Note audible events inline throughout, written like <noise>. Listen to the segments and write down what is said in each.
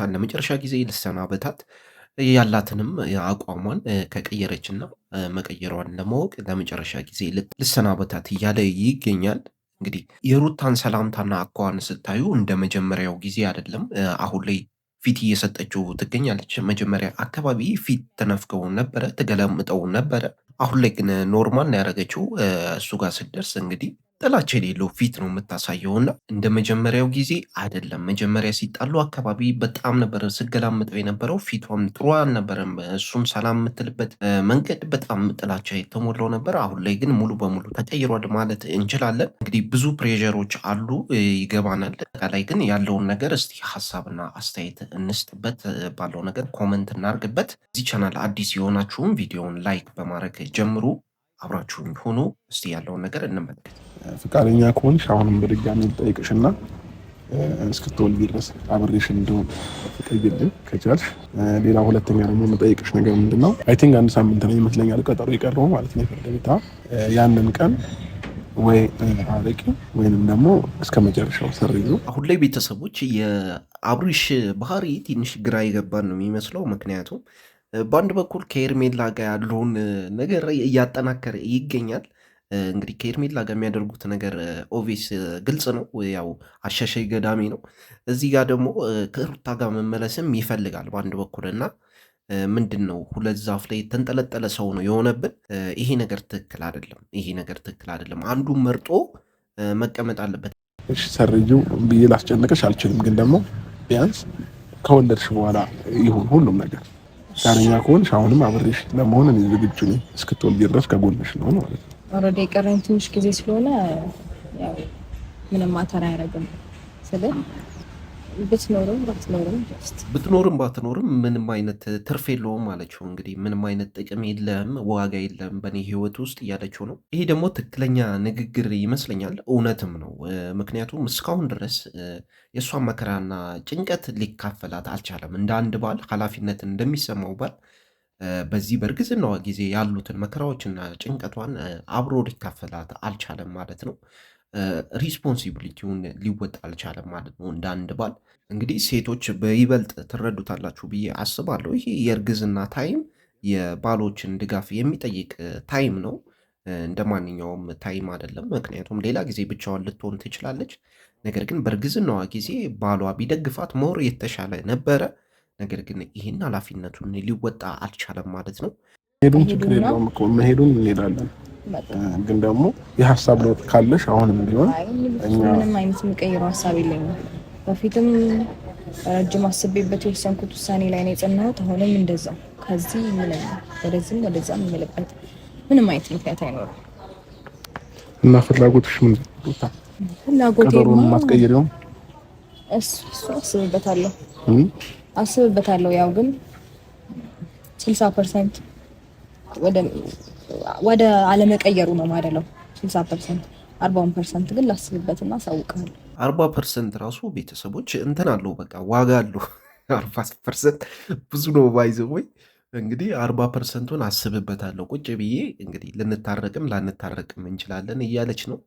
ሩታን ለመጨረሻ ጊዜ ልሰናበታት ያላትንም አቋሟን ከቀየረችና መቀየሯን ለማወቅ ለመጨረሻ ጊዜ ልሰናበታት እያለ ይገኛል። እንግዲህ የሩታን ሰላምታና አኳዋን ስታዩ እንደ መጀመሪያው ጊዜ አይደለም። አሁን ላይ ፊት እየሰጠችው ትገኛለች። መጀመሪያ አካባቢ ፊት ተነፍገው ነበረ፣ ተገለምጠው ነበረ። አሁን ላይ ግን ኖርማል ያደረገችው እሱ ጋር ስደርስ እንግዲህ ጥላቻ የሌለው ፊት ነው የምታሳየውና እንደ መጀመሪያው ጊዜ አይደለም። መጀመሪያ ሲጣሉ አካባቢ በጣም ነበረ ስገላምጠው የነበረው ፊቷም ጥሩ አልነበረም። እሱም ሰላም የምትልበት መንገድ በጣም ጥላቻ የተሞላው ነበር። አሁን ላይ ግን ሙሉ በሙሉ ተቀይሯል ማለት እንችላለን። እንግዲህ ብዙ ፕሬዠሮች አሉ ይገባናል። ጠቃላይ ግን ያለውን ነገር እስቲ ሀሳብና አስተያየት እንስጥበት፣ ባለው ነገር ኮመንት እናርግበት። እዚህ ቻናል አዲስ የሆናችሁም ቪዲዮውን ላይክ በማድረግ ጀምሩ። አብራችሁን ሆኖ እስቲ ያለውን ነገር እንመለከት። ፈቃደኛ ከሆንሽ አሁንም በድጋሚ ልጠይቅሽና እስክትወልድ ድረስ አብሬሽ እንደሆን ትጠይቅልኝ ከቻልሽ። ሌላ ሁለተኛ ደግሞ የምጠይቅሽ ነገር ምንድን ነው? አይ ቲንክ አንድ ሳምንት ነው ይመስለኛል ቀጠሮ የቀረው ማለት ነው የፍርድ ቤታ ያንን ቀን ወይ አረቂ ወይንም ደግሞ እስከ መጨረሻው ሰር ይዞ አሁን ላይ ቤተሰቦች የአብሪሽ ባህሪ ትንሽ ግራ የገባን ነው የሚመስለው ምክንያቱም በአንድ በኩል ከኤርሜላ ጋር ያለውን ነገር እያጠናከረ ይገኛል። እንግዲህ ከኤርሜላ ጋር የሚያደርጉት ነገር ኦቪስ ግልጽ ነው። ያው አሻሻይ ገዳሚ ነው። እዚህ ጋር ደግሞ ከሩታ ጋር መመለስም ይፈልጋል በአንድ በኩል እና ምንድን ነው ሁለት ዛፍ ላይ የተንጠለጠለ ሰው ነው የሆነብን። ይሄ ነገር ትክክል አይደለም። ይሄ ነገር ትክክል አይደለም። አንዱን መርጦ መቀመጥ አለበት። እሺ ሰርዬው ብዬ ላስጨንቅሽ አልችልም፣ ግን ደግሞ ቢያንስ ከወለድሽ በኋላ ይሁን ሁሉም ነገር ዳነኛ ከሆንሽ አሁንም አብሬሽ ለመሆን እኔ ዝግጁ ነኝ። እስክትወልጂ ድረስ ከጎንሽ ነው ማለት ነው። ኦልሬዲ የቀረኝ ትንሽ ጊዜ ስለሆነ ያው ምንም ማተር አያደርግም ስልህ ብትኖርም ባትኖርም ምንም አይነት ትርፍ የለውም አለችው። እንግዲህ ምንም አይነት ጥቅም የለም፣ ዋጋ የለም በእኔ ህይወት ውስጥ እያለችው ነው። ይሄ ደግሞ ትክክለኛ ንግግር ይመስለኛል፣ እውነትም ነው። ምክንያቱም እስካሁን ድረስ የእሷን መከራና ጭንቀት ሊካፈላት አልቻለም። እንደ አንድ ባል ኃላፊነት እንደሚሰማው ባል በዚህ በእርግዝናዋ ጊዜ ያሉትን መከራዎችና ጭንቀቷን አብሮ ሊካፈላት አልቻለም ማለት ነው። ሪስፖንሲቢሊቲውን ሊወጣ አልቻለም ማለት ነው። እንደ አንድ ባል እንግዲህ ሴቶች በይበልጥ ትረዱታላችሁ ብዬ አስባለሁ። ይሄ የእርግዝና ታይም የባሎችን ድጋፍ የሚጠይቅ ታይም ነው፣ እንደ ማንኛውም ታይም አይደለም። ምክንያቱም ሌላ ጊዜ ብቻዋን ልትሆን ትችላለች። ነገር ግን በእርግዝናዋ ጊዜ ባሏ ቢደግፋት መር የተሻለ ነበረ። ነገር ግን ይህን ኃላፊነቱን ሊወጣ አልቻለም ማለት ነው። መሄዱን ችግር የለውም እኮ መሄዱን እንሄዳለን ግን ደግሞ የሀሳብ ለውጥ ካለሽ አሁንም ቢሆን ምንም አይነት የሚቀይረው ሀሳብ የለኝም። በፊትም ረጅም አስቤበት የወሰንኩት ውሳኔ ላይ ነው የጸናሁት። አሁንም እንደዛ ከዚህ ምንም ወደዚህም ወደዛም የምልበት ምንም አይነት ምክንያት አይኖርም። እና ፍላጎትሽ ምንድን ነው? ፍላጎቴ የማትቀይሪው እሱ አስብበታለሁ አስብበታለሁ። ያው ግን ስልሳ ፐርሰንት ወደ አለመቀየሩ ነው ማደለው። ስልሳ ፐርሰንት አርባውን ፐርሰንት ግን ላስብበትና አሳውቅሃለሁ። አርባ ፐርሰንት ራሱ ቤተሰቦች እንትን አለው በቃ ዋጋ አለው። <laughs> አርባ ፐርሰንት ብዙ ነው ባይዘ ወይ እንግዲህ አርባ ፐርሰንቱን አስብበታለሁ ቁጭ ብዬ እንግዲህ ልንታረቅም ላንታረቅም እንችላለን እያለች ነው።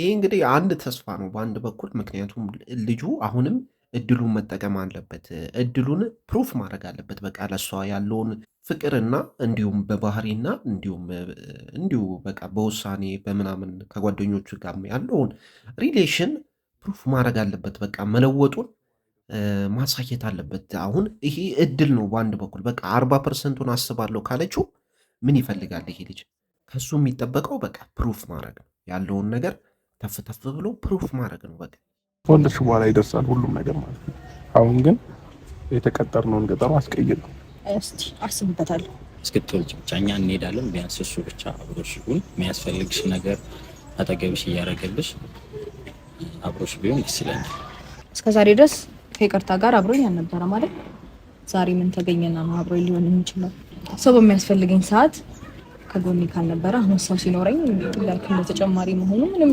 ይሄ እንግዲህ አንድ ተስፋ ነው በአንድ በኩል ምክንያቱም ልጁ አሁንም እድሉን መጠቀም አለበት። እድሉን ፕሩፍ ማድረግ አለበት። በቃ ለሷ ያለውን ፍቅርና እንዲሁም በባህሪና እንዲሁም እንዲሁ በቃ በውሳኔ በምናምን ከጓደኞቹ ጋር ያለውን ሪሌሽን ፕሩፍ ማድረግ አለበት። በቃ መለወጡን ማሳየት አለበት። አሁን ይሄ እድል ነው በአንድ በኩል በቃ አርባ ፐርሰንቱን አስባለሁ ካለችው ምን ይፈልጋል ይሄ ልጅ? ከሱ የሚጠበቀው በቃ ፕሩፍ ማድረግ ነው ያለውን ነገር ተፍተፍ ብሎ ፕሩፍ ማድረግ ነው በቃ ከወለድሽ በኋላ ይደርሳል ሁሉም ነገር ማለት ነው። አሁን ግን የተቀጠርነውን ገጠሩ አስቀይር ነው። እስቲ አስብበታለሁ። እስክትወልጅ ብቻ እኛ እንሄዳለን። ቢያንስ እሱ ብቻ አብሮሽ ይሁን። የሚያስፈልግሽ ነገር አጠገብሽ እያደረገልሽ አብሮሽ ቢሆን ደስ ይለኛል። እስከ ዛሬ ድረስ ከይቅርታ ጋር አብሮኝ አልነበረ ማለት ዛሬ ምን ተገኘና ነው አብሮኝ ሊሆን የሚችለው? ሰው በሚያስፈልገኝ ሰዓት ከጎኔ ካልነበረ አሁን ሰው ሲኖረኝ ላይክ ተጨማሪ መሆኑ ምንም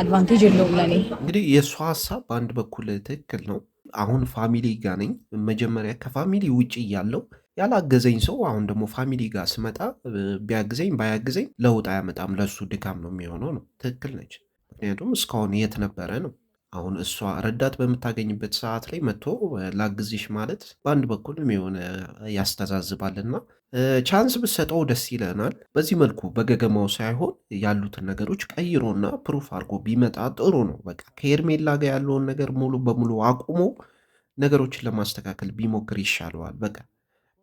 አድቫንቴጅ የለውም ለኔ። እንግዲህ የእሷ ሀሳብ በአንድ በኩል ትክክል ነው። አሁን ፋሚሊ ጋ ነኝ። መጀመሪያ ከፋሚሊ ውጭ እያለው ያላገዘኝ ሰው አሁን ደግሞ ፋሚሊ ጋር ስመጣ ቢያግዘኝ ባያግዘኝ ለውጥ አያመጣም፣ ለእሱ ድካም ነው የሚሆነው ነው። ትክክል ነች። ምክንያቱም እስካሁን የት ነበረ ነው አሁን እሷ ረዳት በምታገኝበት ሰዓት ላይ መጥቶ ላግዝሽ ማለት በአንድ በኩልም የሆነ ያስተዛዝባልና ቻንስ ብሰጠው ደስ ይለናል። በዚህ መልኩ በገገማው ሳይሆን ያሉትን ነገሮች ቀይሮና ፕሩፍ አድርጎ ቢመጣ ጥሩ ነው። በቃ ከኤርሜላ ጋር ያለውን ነገር ሙሉ በሙሉ አቁሞ ነገሮችን ለማስተካከል ቢሞክር ይሻለዋል። በቃ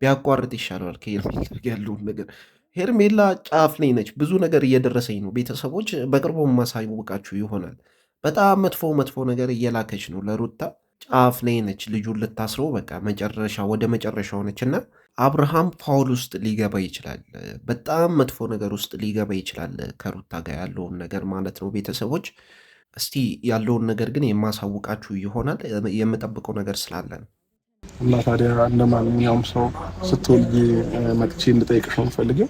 ቢያቋርጥ ይሻለዋል ከሄርሜላ ጋር ያለውን ነገር ሄርሜላ ጫፍ ላይ ነች። ብዙ ነገር እየደረሰኝ ነው። ቤተሰቦች በቅርቡ ማሳወቃችሁ ይሆናል። በጣም መጥፎ መጥፎ ነገር እየላከች ነው ለሩታ። ጫፍ ላይ ነች፣ ልጁን ልታስረው በቃ መጨረሻ ወደ መጨረሻ ሆነች እና አብርሃም ፋውል ውስጥ ሊገባ ይችላል። በጣም መጥፎ ነገር ውስጥ ሊገባ ይችላል ከሩታ ጋር ያለውን ነገር ማለት ነው። ቤተሰቦች እስቲ ያለውን ነገር ግን የማሳውቃችሁ ይሆናል የምጠብቀው ነገር ስላለ ነው። እና ታዲያ እንደ ማንኛውም ሰው ስትወልጂ መጥቼ እንጠይቅሽ ነው የምፈልገው።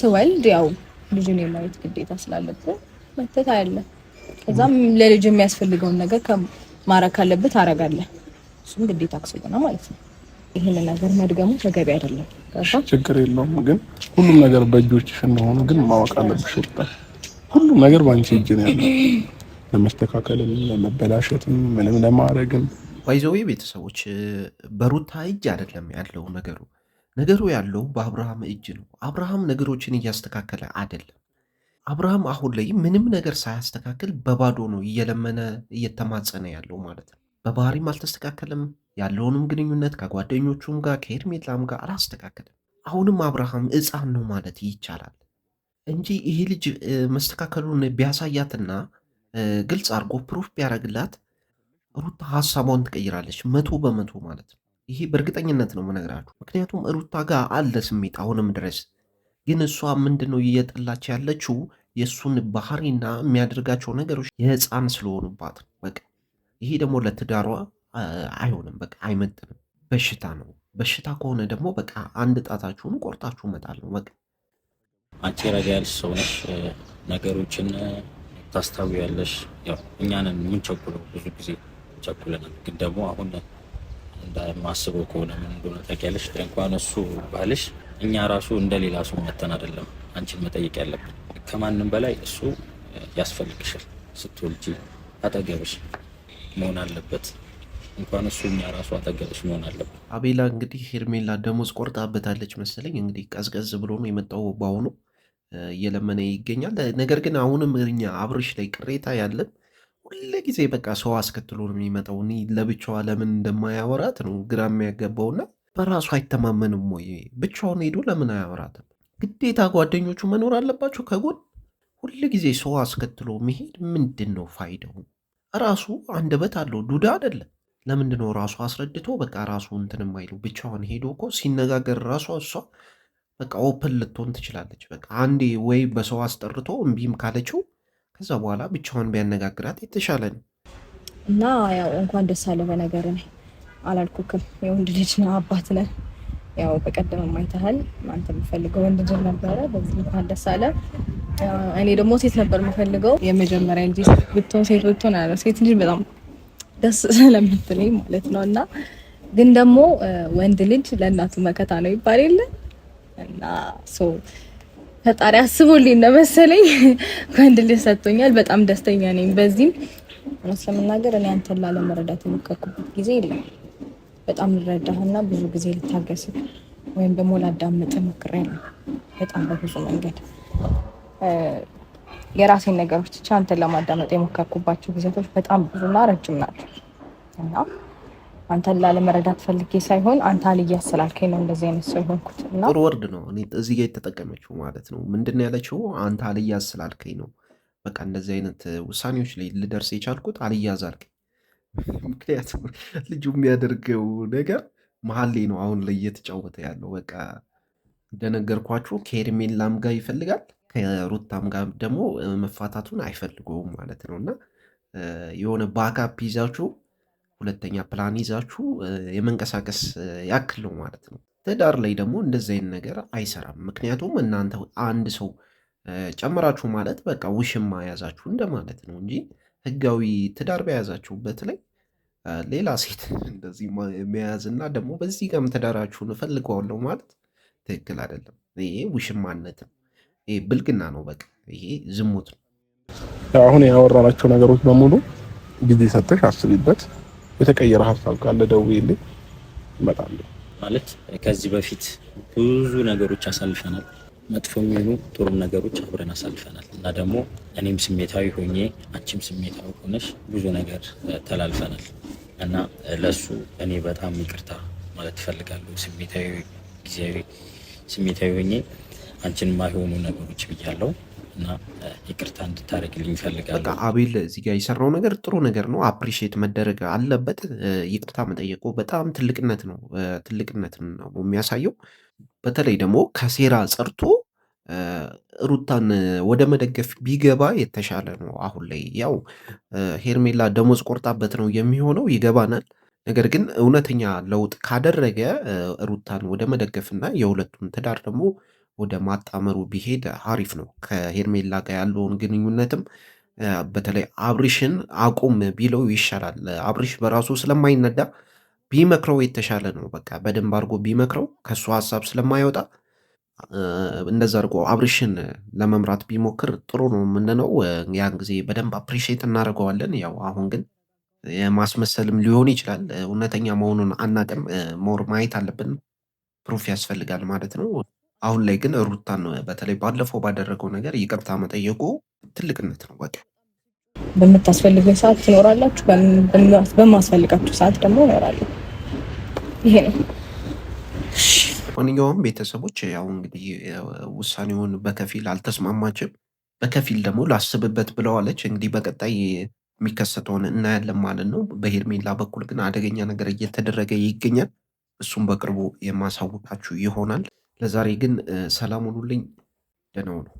ስወልድ ያው ልጁን የማየት ግዴታ ስላለብህ መተት አያለን ከዛም ለልጅ የሚያስፈልገውን ነገር ማረግ ካለበት አረጋለሁ። እሱም ግዴታ ነው ማለት ነው። ይህን ነገር መድገሙ ተገቢ አይደለም። ችግር የለውም ግን ሁሉም ነገር በእጆችሽ እንደሆነ ግን ማወቅ አለብሽ። ሁሉም ነገር በአንቺ እጅ ነው ያለው። ለመስተካከልም፣ ለመበላሸትም፣ ምንም ለማድረግም ባይዘዌ ቤተሰቦች በሩታ እጅ አይደለም ያለው ነገሩ። ነገሩ ያለው በአብርሃም እጅ ነው። አብርሃም ነገሮችን እያስተካከለ አይደለም አብርሃም አሁን ላይ ምንም ነገር ሳያስተካክል በባዶ ነው እየለመነ እየተማጸነ ያለው ማለት ነው። በባህሪም አልተስተካከለም። ያለውንም ግንኙነት ከጓደኞቹም ጋር ከሄርሜላም ጋር አላስተካከልም። አሁንም አብርሃም ሕፃን ነው ማለት ይቻላል እንጂ ይሄ ልጅ መስተካከሉን ቢያሳያትና ግልጽ አድርጎ ፕሩፍ ቢያደርግላት ሩታ ሀሳቧን ትቀይራለች፣ መቶ በመቶ ማለት ነው። ይሄ በእርግጠኝነት ነው የምነግራችሁ። ምክንያቱም ሩታ ጋር አለ ስሜት አሁንም ድረስ ግን እሷ ምንድን ነው እየጠላች ያለችው? የእሱን ባህሪና የሚያደርጋቸው ነገሮች የህፃን ስለሆኑባት በቃ ይሄ ደግሞ ለትዳሯ አይሆንም፣ በቃ አይመጥንም። በሽታ ነው። በሽታ ከሆነ ደግሞ በቃ አንድ ጣታችሁን ቆርጣችሁ መጣል ነው በቃ አንቺ ረጋ ያልሽ ሰው ነሽ፣ ነገሮችን ታስታውያለሽ። ያው እኛንን የምንቸኩለው ብዙ ጊዜ ቸኩለናል። ግን ደግሞ አሁን እንደማስበው ከሆነ ምን እንደሆነ ታውቂያለሽ። እንኳን እሱ ባልሽ እኛ ራሱ እንደ ሌላ ሰው መተን አይደለም አንቺን መጠየቅ ያለብን። ከማንም በላይ እሱ ያስፈልግሻል። ስትወልጂ አጠገብሽ መሆን አለበት። እንኳን እሱ እኛ ራሱ አጠገብሽ መሆን አለበት። አቤላ እንግዲህ ሄርሜላ ደሞዝ ቆርጣበታለች መሰለኝ። እንግዲህ ቀዝቀዝ ብሎ ነው የመጣው በአሁኑ እየለመነ ይገኛል። ነገር ግን አሁንም እኛ አብርሽ ላይ ቅሬታ ያለን ሁለ ጊዜ በቃ ሰው አስከትሎ ነው የሚመጣው። እኔ ለብቻዋ ለምን እንደማያወራት ነው ግራ የሚያገባውና በራሱ አይተማመንም ወይ? ብቻውን ሄዶ ለምን አያወራትም? ግዴታ ጓደኞቹ መኖር አለባቸው ከጎን ሁል ጊዜ ሰው አስከትሎ መሄድ ምንድን ነው ፋይደው? ራሱ አንደበት አለው ዱዳ አይደለም። ለምንድነው ነው ራሱ አስረድቶ በቃ ራሱ እንትን የማይለው? ብቻዋን ሄዶ እኮ ሲነጋገር ራሷ እሷ በቃ ኦፕን ልትሆን ትችላለች። በቃ አንዴ ወይ በሰው አስጠርቶ እምቢም ካለችው ከዛ በኋላ ብቻውን ቢያነጋግራት የተሻለ ነው እና ያው እንኳን ደስ አለ በነገር አላልኩክም። የወንድ ልጅ ነው አባት ነህ። ያው በቀደም አይተሃል። አንተ የምፈልገው ወንድ ልጅ ነበረ። በዚህ እንኳን ደስ አለ። እኔ ደግሞ ሴት ነበር የምፈልገው የመጀመሪያ እንጂ ብትሆን ሴት ብትሆን አለ ሴት ልጅ በጣም ደስ ስለምትለኝ ማለት ነው። እና ግን ደግሞ ወንድ ልጅ ለእናቱ መከታ ነው ይባል የለ እና ሶ ፈጣሪ አስቦልኝ ነመሰለኝ ወንድ ልጅ ሰጥቶኛል። በጣም ደስተኛ ነኝ። በዚህም ስለምናገር እኔ አንተን ላለመረዳት የሞከርኩበት ጊዜ የለም። በጣም ልረዳህና ብዙ ጊዜ ልታገስ ወይም ደግሞ ላዳምጥ ሞክሬያለሁ። በጣም በብዙ መንገድ የራሴን ነገሮች ብቻ አንተን ለማዳመጥ የሞከርኩባቸው ጊዜቶች በጣም ብዙና ረጅም ናቸው እና አንተን ላለመረዳት ፈልጌ ሳይሆን አንተ አልያዝ ስላልከኝ ነው እንደዚህ አይነት ሰው የሆንኩት። ጥሩ ወርድ ነው እዚህ ጋር የተጠቀመችው ማለት ነው። ምንድን ነው ያለችው? አንተ አልያዝ ስላልከኝ ነው። በቃ እንደዚህ አይነት ውሳኔዎች ላይ ልደርስ የቻልኩት አልያዝ አልከኝ <laughs> ምክንያቱም ልጁ የሚያደርገው ነገር መሀል ላይ ነው አሁን ላይ እየተጫወተ ያለው። በቃ እንደነገርኳችሁ ከሄርሜላም ጋር ይፈልጋል፣ ከሩታም ጋር ደግሞ መፋታቱን አይፈልገውም ማለት ነው። እና የሆነ ባካፕ ይዛችሁ ሁለተኛ ፕላን ይዛችሁ የመንቀሳቀስ ያክል ነው ማለት ነው። ትዳር ላይ ደግሞ እንደዚህ አይነት ነገር አይሰራም። ምክንያቱም እናንተ አንድ ሰው ጨምራችሁ ማለት በቃ ውሽማ ያዛችሁ እንደማለት ነው እንጂ ህጋዊ ትዳር በያዛችሁበት ላይ ሌላ ሴት እንደዚህ መያዝ እና ደግሞ በዚህ ጋም ትዳራችሁን እፈልገዋለሁ ማለት ትክክል አይደለም። ይሄ ውሽማነት ነው። ይሄ ብልግና ነው። በቃ ይሄ ዝሙት ነው። አሁን ያወራናቸው ነገሮች በሙሉ ጊዜ ሰጥተሽ አስቢበት። የተቀየረ ሀሳብ ካለ ደውዬልኝ እመጣለሁ። ማለት ከዚህ በፊት ብዙ ነገሮች አሳልፈናል። መጥፎ የሚሆኑ ጥሩም ነገሮች አብረን አሳልፈናል እና ደግሞ እኔም ስሜታዊ ሆኜ አንቺም ስሜታዊ ሆነሽ ብዙ ነገር ተላልፈናል እና ለሱ እኔ በጣም ይቅርታ ማለት እፈልጋለሁ። ስሜታዊ ጊዜያዊ ስሜታዊ ሆኜ አንቺን ማይሆኑ ነገሮች ብያለሁ እና ይቅርታ እንድታደርግልኝ ይፈልጋል። በቃ አቤል እዚህ ጋር የሰራው ነገር ጥሩ ነገር ነው፣ አፕሪሺየት መደረግ አለበት። ይቅርታ መጠየቁ በጣም ትልቅነት ነው፣ ትልቅነት ነው የሚያሳየው። በተለይ ደግሞ ከሴራ ጸርቶ ሩታን ወደ መደገፍ ቢገባ የተሻለ ነው። አሁን ላይ ያው ሄርሜላ ደሞዝ ቆርጣበት ነው የሚሆነው ይገባናል። ነገር ግን እውነተኛ ለውጥ ካደረገ ሩታን ወደ መደገፍና የሁለቱን ትዳር ደግሞ ወደ ማጣመሩ ቢሄድ አሪፍ ነው። ከሄርሜላ ጋር ያለውን ግንኙነትም በተለይ አብሪሽን አቁም ቢለው ይሻላል። አብሪሽ በራሱ ስለማይነዳ ቢመክረው የተሻለ ነው። በቃ በደንብ አድርጎ ቢመክረው ከእሱ ሀሳብ ስለማይወጣ እንደዛ አድርጎ አብርሽን ለመምራት ቢሞክር ጥሩ ነው የምንለው። ያን ጊዜ በደንብ አፕሪሼት እናደርገዋለን። ያው አሁን ግን ማስመሰልም ሊሆን ይችላል። እውነተኛ መሆኑን አናቅም። ሞር ማየት አለብን። ፕሩፍ ያስፈልጋል ማለት ነው። አሁን ላይ ግን ሩታን በተለይ ባለፈው ባደረገው ነገር ይቅርታ መጠየቁ ትልቅነት ነው። በቃ በምታስፈልገኝ ሰዓት ትኖራላችሁ፣ በማስፈልጋችሁ ሰዓት ደግሞ እኖራለሁ። ይሄ ነው። ለማንኛውም ቤተሰቦች ያው እንግዲህ ውሳኔውን በከፊል አልተስማማችም። በከፊል ደግሞ ላስብበት ብለዋለች። እንግዲህ በቀጣይ የሚከሰተውን እናያለን ማለት ነው። በሄርሜላ በኩል ግን አደገኛ ነገር እየተደረገ ይገኛል። እሱም በቅርቡ የማሳውቃችሁ ይሆናል። ለዛሬ ግን ሰላም ሁኑልኝ። ደህና ሁኑ።